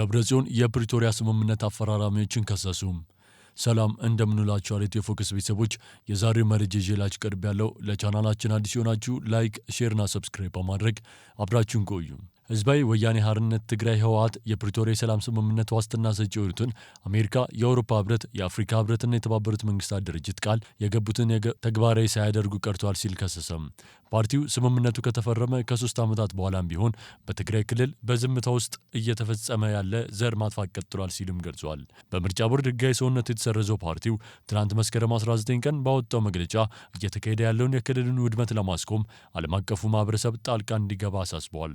ደብረጽዮን የፕሪቶሪያ ስምምነት አፈራራሚዎችን ከሰሱ። ሰላም እንደምንላችኋል የፎከስ ቤተሰቦች፣ የዛሬ መረጃ ይዤላችሁ ቀርብ ያለው ለቻናላችን አዲስ የሆናችሁ ላይክ፣ ሼርና ሰብስክራይብ በማድረግ አብራችሁን ቆዩ። ህዝባዊ ወያኔ ሀርነት ትግራይ ህወሀት የፕሪቶሪያ የሰላም ስምምነት ዋስትና ሰጪ የሆኑትን አሜሪካ፣ የአውሮፓ ህብረት፣ የአፍሪካ ህብረትና የተባበሩት መንግስታት ድርጅት ቃል የገቡትን ተግባራዊ ሳያደርጉ ቀርቷል ሲል ከሰሰም። ፓርቲው ስምምነቱ ከተፈረመ ከሶስት ዓመታት በኋላም ቢሆን በትግራይ ክልል በዝምታ ውስጥ እየተፈጸመ ያለ ዘር ማጥፋት ቀጥሏል ሲልም ገልጿል። በምርጫ ቦርድ ህጋዊ ሰውነት የተሰረዘው ፓርቲው ትናንት መስከረም 19 ቀን ባወጣው መግለጫ እየተካሄደ ያለውን የክልሉን ውድመት ለማስቆም ዓለም አቀፉ ማህበረሰብ ጣልቃ እንዲገባ አሳስበዋል።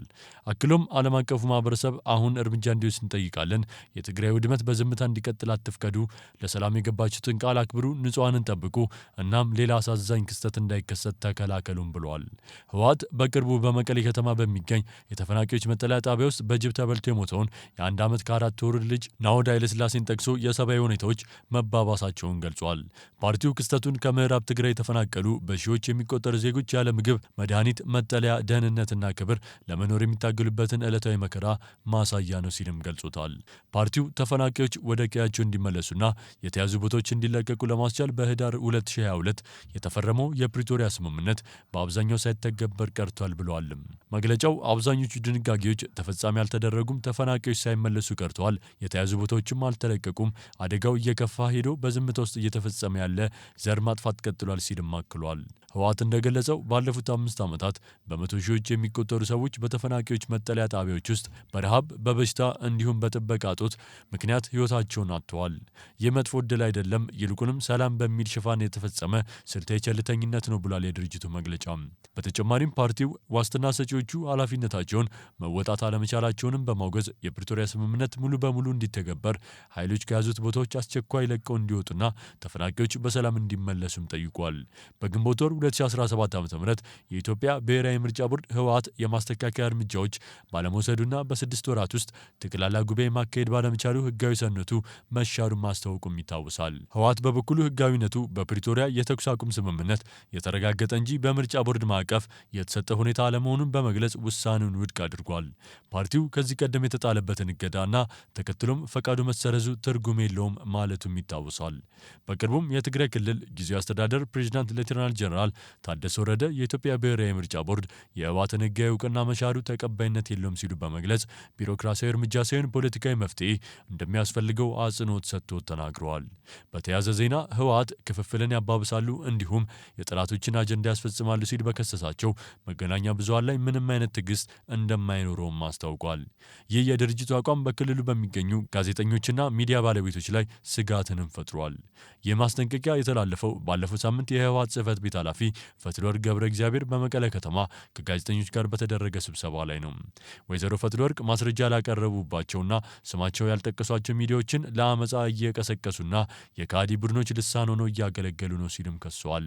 አክሎም ዓለም አቀፉ ማህበረሰብ አሁን እርምጃ እንዲወስድ እንጠይቃለን። የትግራይ ውድመት በዝምታ እንዲቀጥል አትፍቀዱ። ለሰላም የገባችሁትን ቃል አክብሩ፣ ንጹሐንን ጠብቁ። እናም ሌላ አሳዛኝ ክስተት እንዳይከሰት ተከላከሉም ብለዋል። ገልጸዋል። ህወሓት በቅርቡ በመቀሌ ከተማ በሚገኝ የተፈናቂዎች መጠለያ ጣቢያ ውስጥ በጅብ ተበልቶ የሞተውን የአንድ ዓመት ከአራት ወር ልጅ ናሆድ ኃይለስላሴን ጠቅሶ የሰብአዊ ሁኔታዎች መባባሳቸውን ገልጿል። ፓርቲው ክስተቱን ከምዕራብ ትግራይ የተፈናቀሉ በሺዎች የሚቆጠሩ ዜጎች ያለ ምግብ፣ መድኃኒት፣ መጠለያ፣ ደህንነትና ክብር ለመኖር የሚታገሉበትን ዕለታዊ መከራ ማሳያ ነው ሲልም ገልጾታል። ፓርቲው ተፈናቃዮች ወደ ቀያቸው እንዲመለሱና የተያዙ ቦታዎች እንዲለቀቁ ለማስቻል በህዳር 2022 የተፈረመው የፕሪቶሪያ ስምምነት በአብዛኛው በአብዛኛው ሳይተገበር ቀርቷል ብለዋልም መግለጫው። አብዛኞቹ ድንጋጌዎች ተፈጻሚ አልተደረጉም፣ ተፈናቃዮች ሳይመለሱ ቀርተዋል፣ የተያዙ ቦታዎችም አልተለቀቁም፣ አደጋው እየከፋ ሄዶ በዝምታ ውስጥ እየተፈጸመ ያለ ዘር ማጥፋት ቀጥሏል ሲልም አክሏል። ህወሓት እንደገለጸው ባለፉት አምስት ዓመታት በመቶ ሺዎች የሚቆጠሩ ሰዎች በተፈናቂዎች መጠለያ ጣቢያዎች ውስጥ በረሃብ በበሽታ እንዲሁም በጥበቃ እጦት ምክንያት ህይወታቸውን አጥተዋል። ይህ መጥፎ ዕድል አይደለም፣ ይልቁንም ሰላም በሚል ሽፋን የተፈጸመ ስልተ የቸልተኝነት ነው ብሏል የድርጅቱ መግለጫ። በተጨማሪም ፓርቲው ዋስትና ሰጪዎቹ ኃላፊነታቸውን መወጣት አለመቻላቸውንም በማውገዝ የፕሪቶሪያ ስምምነት ሙሉ በሙሉ እንዲተገበር ኃይሎች ከያዙት ቦታዎች አስቸኳይ ለቀው እንዲወጡና ተፈናቂዎች በሰላም እንዲመለሱም ጠይቋል። በግንቦት ወር 2017 ዓ ም የኢትዮጵያ ብሔራዊ ምርጫ ቦርድ ህወሓት የማስተካከያ እርምጃዎች ባለመውሰዱና በስድስት ወራት ውስጥ ጠቅላላ ጉባኤ ማካሄድ ባለመቻሉ ህጋዊ ሰነቱ መሻሩን ማስታወቁም ይታወሳል። ህወሓት በበኩሉ ህጋዊነቱ በፕሪቶሪያ የተኩስ አቁም ስምምነት የተረጋገጠ እንጂ በምርጫ ቦርድ ማዕቀፍ የተሰጠ ሁኔታ አለመሆኑን በመግለጽ ውሳኔውን ውድቅ አድርጓል። ፓርቲው ከዚህ ቀደም የተጣለበትን እገዳና ተከትሎም ፈቃዱ መሰረዙ ትርጉም የለውም ማለቱም ይታወሳል። በቅርቡም የትግራይ ክልል ጊዜያዊ አስተዳደር ፕሬዚዳንት ሌተናል ጀነራል አስታውቀዋል። ታደሰ ወረደ የኢትዮጵያ ብሔራዊ ምርጫ ቦርድ የህወሓትን ህጋዊ እውቅና መሻሩ ተቀባይነት የለውም ሲሉ በመግለጽ ቢሮክራሲያዊ እርምጃ ሳይሆን ፖለቲካዊ መፍትሄ እንደሚያስፈልገው አጽንኦት ሰጥቶ ተናግረዋል። በተያያዘ ዜና ህወሓት ክፍፍልን ያባብሳሉ እንዲሁም የጠላቶችን አጀንዳ ያስፈጽማሉ ሲል በከሰሳቸው መገናኛ ብዙሃን ላይ ምንም አይነት ትዕግስት እንደማይኖረውም አስታውቋል። ይህ የድርጅቱ አቋም በክልሉ በሚገኙ ጋዜጠኞችና ሚዲያ ባለቤቶች ላይ ስጋትንም ፈጥሯል። ይህ ማስጠንቀቂያ የተላለፈው ባለፈው ሳምንት የህወሓት ጽህፈት ቤት ኃላፊ ኃላፊ ፈትልወርቅ ገብረ እግዚአብሔር በመቀለ ከተማ ከጋዜጠኞች ጋር በተደረገ ስብሰባ ላይ ነው። ወይዘሮ ፈትልወርቅ ማስረጃ ላቀረቡባቸውና ስማቸው ያልጠቀሷቸው ሚዲያዎችን ለአመፃ እየቀሰቀሱና የካዲ ቡድኖች ልሳን ሆነው እያገለገሉ ነው ሲልም ከሰዋል።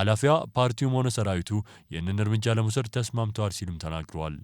ኃላፊዋ ፓርቲውም ሆነ ሰራዊቱ ይህንን እርምጃ ለመውሰድ ተስማምተዋል ሲልም ተናግረዋል።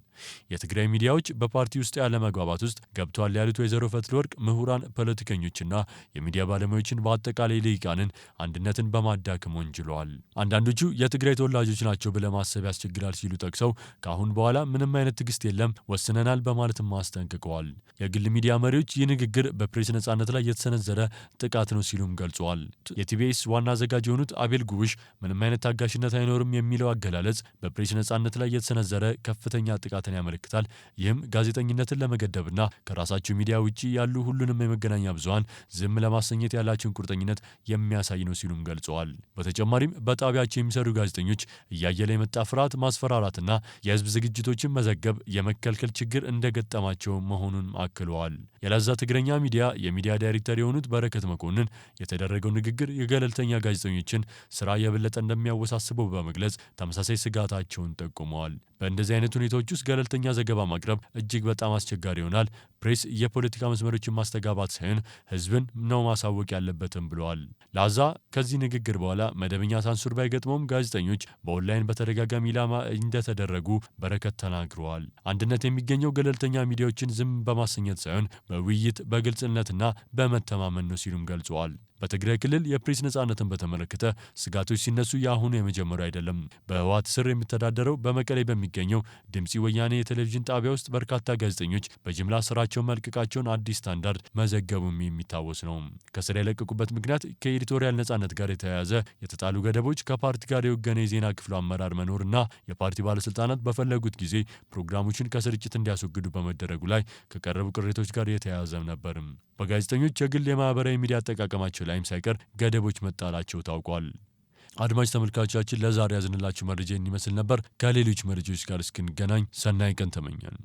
የትግራይ ሚዲያዎች በፓርቲ ውስጥ ያለ መግባባት ውስጥ ገብተዋል ያሉት ወይዘሮ ፈትልወርቅ ምሁራን፣ ፖለቲከኞችና የሚዲያ ባለሙያዎችን በአጠቃላይ ልሂቃንን አንድነትን በማዳከም ወንጅለዋል። አንዳንዶቹ የትግራይ ተወላጆች ናቸው ብለ ማሰብ ያስቸግራል ሲሉ ጠቅሰው ከአሁን በኋላ ምንም አይነት ትግስት የለም ወስነናል በማለትም አስጠንቅቀዋል። የግል ሚዲያ መሪዎች ይህ ንግግር በፕሬስ ነጻነት ላይ የተሰነዘረ ጥቃት ነው ሲሉም ገልጸዋል። የቲቢኤስ ዋና አዘጋጅ የሆኑት አቤል ጉብሽ ምንም አይነት ታጋሽነት አይኖርም የሚለው አገላለጽ በፕሬስ ነጻነት ላይ የተሰነዘረ ከፍተኛ ጥቃትን ያመለክታል። ይህም ጋዜጠኝነትን ለመገደብና ከራሳቸው ሚዲያ ውጭ ያሉ ሁሉንም የመገናኛ ብዙሀን ዝም ለማሰኘት ያላቸውን ቁርጠኝነት የሚያሳይ ነው ሲሉም ገልጸዋል። በተጨማሪም በጣቢያቸው የሚሰሩ የሚሰሩ ጋዜጠኞች እያየለ የመጣ ፍርሃት፣ ማስፈራራትና የህዝብ ዝግጅቶችን መዘገብ የመከልከል ችግር እንደገጠማቸው መሆኑን አክለዋል። የላዛ ትግረኛ ሚዲያ የሚዲያ ዳይሬክተር የሆኑት በረከት መኮንን የተደረገው ንግግር የገለልተኛ ጋዜጠኞችን ስራ የበለጠ እንደሚያወሳስበው በመግለጽ ተመሳሳይ ስጋታቸውን ጠቁመዋል። በእንደዚህ አይነት ሁኔታዎች ውስጥ ገለልተኛ ዘገባ ማቅረብ እጅግ በጣም አስቸጋሪ ይሆናል። ፕሬስ የፖለቲካ መስመሮችን ማስተጋባት ሳይሆን ህዝብን ነው ማሳወቅ ያለበትም ብለዋል። ላዛ ከዚህ ንግግር በኋላ መደበኛ ሳንሱር ባይገጥመውም ጋዜጠኞች በኦንላይን በተደጋጋሚ ኢላማ እንደተደረጉ በረከት ተናግረዋል። አንድነት የሚገኘው ገለልተኛ ሚዲያዎችን ዝም በማሰኘት ሳይሆን በውይይት በግልጽነትና በመተማመን ነው ሲሉም ገልጸዋል። በትግራይ ክልል የፕሬስ ነጻነትን በተመለከተ ስጋቶች ሲነሱ የአሁኑ የመጀመሪያ አይደለም። በህወሓት ስር የሚተዳደረው በመቀሌ በሚገኘው ድምፂ ወያኔ የቴሌቪዥን ጣቢያ ውስጥ በርካታ ጋዜጠኞች በጅምላ ስራቸውን መልቀቃቸውን አዲስ ስታንዳርድ መዘገቡም የሚታወስ ነው። ከስር የለቀቁበት ምክንያት ከኤዲቶሪያል ነጻነት ጋር የተያያዘ የተጣሉ ገደቦች፣ ከፓርቲ ጋር የወገነ የዜና ክፍሉ አመራር መኖርና የፓርቲ ባለስልጣናት በፈለጉት ጊዜ ፕሮግራሞችን ከስርጭት እንዲያስወግዱ በመደረጉ ላይ ከቀረቡ ቅሬቶች ጋር የተያያዘም ነበርም። በጋዜጠኞች የግል የማህበራዊ ሚዲያ አጠቃቀማቸው ላይ ላይም ሳይቀር ገደቦች መጣላቸው ታውቋል። አድማጭ ተመልካቾቻችን ለዛሬ ያዝንላችሁ መረጃ እንዲመስል ነበር። ከሌሎች መረጃዎች ጋር እስክንገናኝ ሰናይ ቀን ተመኛል።